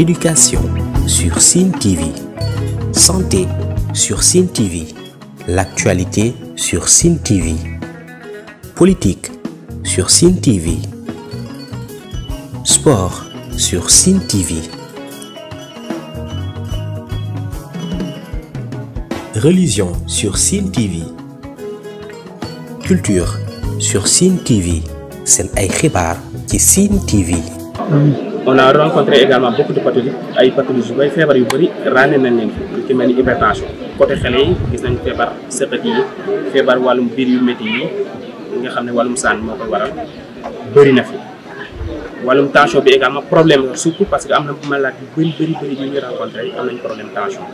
Éducation sur Cine TV. Santé sur Cine TV. L'actualité sur Cine TV. Politique sur Cine TV. Sport sur Cine TV. Religion sur Cine TV. Culture sur Cine TV. C'est un par Cine TV. on a rencontré également bokk de pathologies ay pathologies yu bëri feebar yu bëri ràññee nañ leen fi ci mel ni hypertension côté xale yi gis nañ feebar sëqët yi feebar wàllum biir yu métti yi nga xam ne wàllum saan moo koy waral bëri na fi wàllum tension bi également problème surtout parce que am na maladie yu bëri bëri bëri yu ñu rencontré am nañ problème tension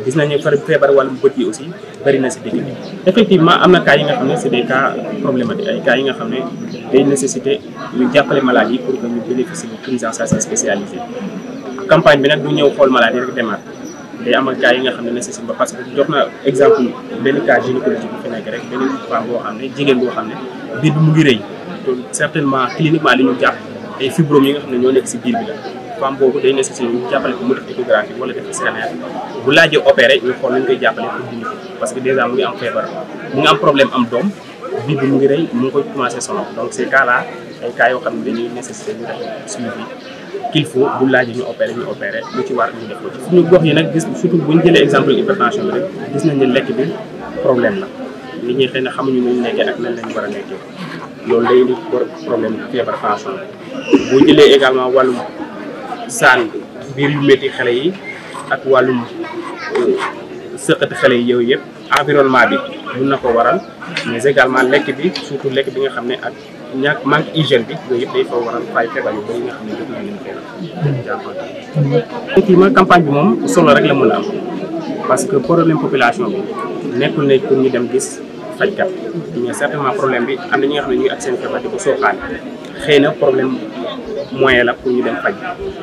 gis nañu feebar mu bët yi aussi bëri na si dëkk bi effectivement am na cas yi nga xam ne c'est des cas problématiques ay cas yi nga xam ne day nécessité ñu jàppale malade yi pour que ñu de prise en charge spécialisée campagne bi nag du ñëw xool malade yi rek demaat day amal yi nga xam ne nécessité ba parce que jox na exemple benn cas gynécologique bu fi nekk rek benn femme boo xam ne jigéen boo xam ne biir bi mu ngi rëy donc certainement cliniquement li ñu jàpp ay fibromes yi nga xam ne ñoo nekk si biir bi la femme boobu day nécessité ñu jàppale ko mu def échographie wala def scanner bu laajee opéré ñu xool nañ koy jàppale ko parce que déjà mu ngi am feebar mu ngi am problème am doom bii bi mu ngi rey mu ngi koy commencé sonal donc ces cas là ay cas xam ne dañuy nécessité ñu qu'il faut bu laajee ñu opéré ñu opéré lu ci war ñu def ko ci suñu gox yi nag gis surtout bu ñu jëlee exemple hypertension bi rek gis nañ ne lekk bi problème la nit ñi xëy xamuñu nu ñu nekkee ak nan lañu a nekkee loolu day indi problème feebar tension boo jëlee saan biir yu métti xale yi ak wàllum euh, sëqati xale yi yow yëpp environnement bi mun na ko waral mais également lekk bi surtout lekk bi nga xam ne ak ñàkk manque hygiène bi yooyu yëpp day fa waral fay feebar yu bi moom solo rek la mën a am parce que problème population bi nekkul ne pour ñu dem gis fajkat mais certainement problème bi am na ñi nga xam ne ñu ak seen feebar di ko sooxaale xëy problème moyen la pour ñu dem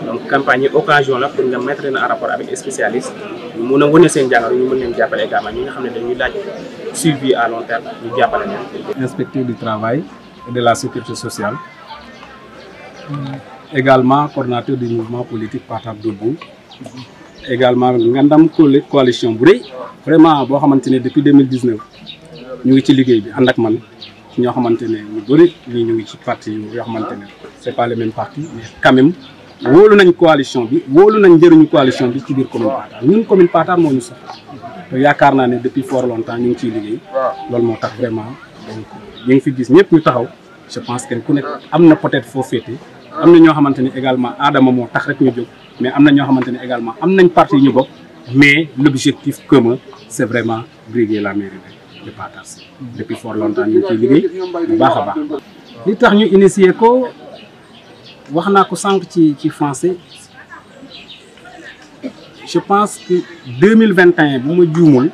donc campagne occasion pour nga mettre en rapport avec les spécialistes. Nous avons wane seen jàngoro ñu nous leen jàppale également nous, Nous dañuy suivi à long terme ñu inspecteur du travail et de la sécurité sociale également coordinateur du mouvement politique de Debout également dans une coalition bu vraiment boo xamante depuis 2019 Nous ngi ci ñoo xamante ne ñu bëri ñu ñu ngi ci parti yu yoo xamante c'est pas les mêmes partis, mais quand même wóolu nañ coalition bi wóolu nañ njëriñu coalition bi ci biir commune Patar ñun commune Patar moo ñu sax te yaakaar naa ne depuis fort longtemps ñu ngi ciy liggéey loolu moo tax vraiment donc ñu ngi fi gis ñëpp ñu taxaw je pense que ku nekk am peut-être foo fêter, am na ñoo xamante également aadama moo tax rek ñu jóg mais am na ñoo xamante également am nañ parti ñu bokk mais l'objectif commun c'est vraiment briguer la mairie de Depuis fort longtemps, nous sommes venus. Nous avons été initiés. Nous avons été en français. Je pense que 2021, nous avons une journée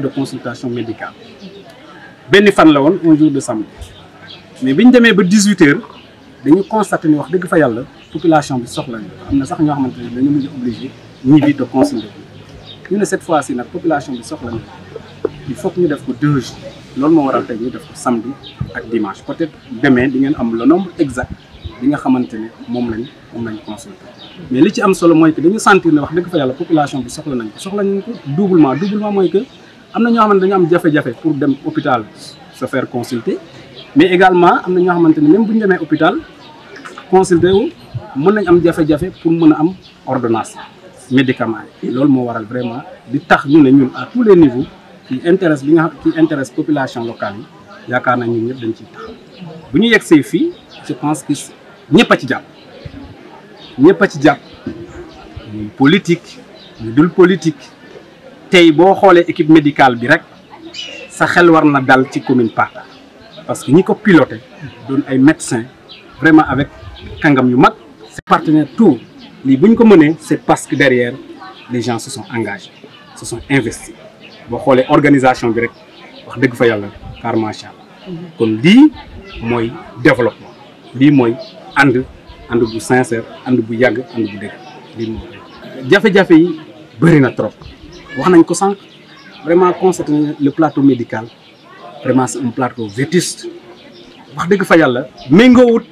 de consultation médicale. Nous avons été un jour de samedi. Mais quand nous avons 18 h nous constatons que la population de sortie. Nous sommes obligés de consulter. Cette fois-ci, la population de sortie il faut que ñu def ko deux jours loolu moo waral tey ñu def ko samedi ak dimanche peut-être demain di ngeen am le nombre exact bi nga xamante ne moom lañ moom lañ consulté mais li ci am solo mooy que dañu sentir ne wax dëgg fa yàlla population bi soxla nañ ko soxla nañ ko doublement doublement mooy que am na ñoo xamante dañu am jafe-jafe pour dem hôpital se faire consulter mais également am na ñoo même bu ñu hôpital consulter wu mën nañ am jafe-jafe pour mën am ordonnance médicament yi loolu moo waral vraiment di tax ñu ne ñun à tous les niveaux qui intéresse la qui intéresse population locale yi yaakaar naa ñun ñëpp dañ ciy taxaw bu ñu yegsee filles, je pense que ñëpp pas ci jàpp ñëpp pas ci jàpp politique ñu dul politique tey boo xoolee équipe médicale bi rek sa xel war na dal ci commune pas, parce que ni ko piloté doon ay médecins vraiment avec Kangam yu mag c'est partenaire tout Les bu ñu ko c'est parce que derrière les gens se sont engagés se sont investis boo xoolee organisation bi rek wax deug fa yalla car macha allah kon li moy développement li moy and and bu sincère and bu yag and bu deug lii mooy jafe yi bëri na trop wax nañ ko sank vraiment constaté le plateau médical vraiment c'est un plateau vétuste wax deug fa yàlla méngoowut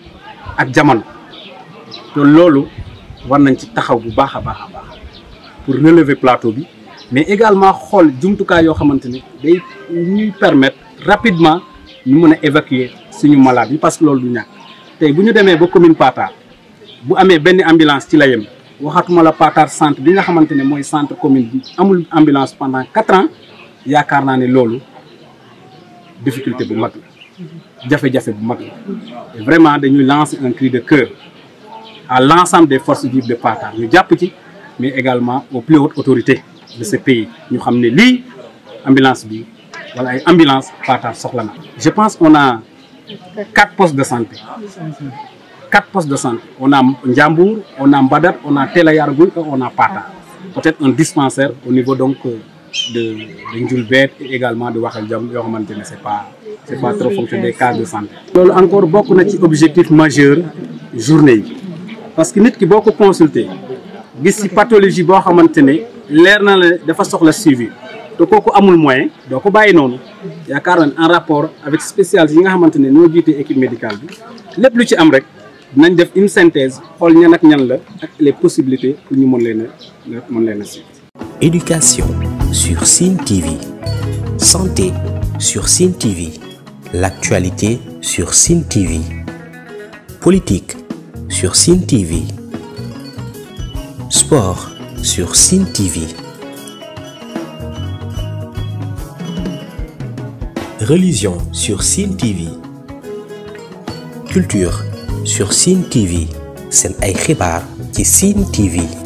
ak jamono to lolu war nañ ci taxaw bu baax a baax pour relever plateau bi mais également xol jumtukaay yoo xamante ni day ñuy permettre rapidement ñu mëna évacuer suñu malade yi parce que loolu du ñàkk tey bu ñu ba commune Patar bu amé benn ambulance ci la yem waxatuma la Patar centre bi nga xamante moy centre commune bi amul ambulance pendant quatre ans yaakaar naa ne loolu difficulté bu mag jafé jafé bu mag vraiment dañuy lancer un cri de cœur à l'ensemble des forces vives de Patar ñu jàpp ci mais également aux plus hautes autorités de ce pays Nous savons que lui ambulance bi wala ay ambulance je pense qu'on a quatre postes de santé quatre postes de santé on a Ndjambour, on a Mbadat on a Telayargou et on a Pata. peut-être un dispensaire au niveau donc euh, de de et également de Wakaljamb Jam Ce n'est pas pas trop fonctionnel, des cas de santé. encore beaucoup d'objectifs majeurs, objectif majeur journée parce que nit ki beaucoup ko consulter gis ci pathologie boo xamante leer na façon dafa soxla suivi te kooku amul moyen doo ko bàyyi noonu yaakaar en rapport avec spécialistes yi nga xamante ne ñoo jiite équipe médicale bi lépp lu ci am rek dinañ def une synthèse pour ñan ak ñan la les possibilités pour ñu mën leen a mën leen éducation sur Cine TV santé sur Cine TV l'actualité sur Cine TV politique sur Cine TV sport sur Cine TV. Religion sur Cine TV. Culture sur Cine TV. C'est un écrit par Cine TV.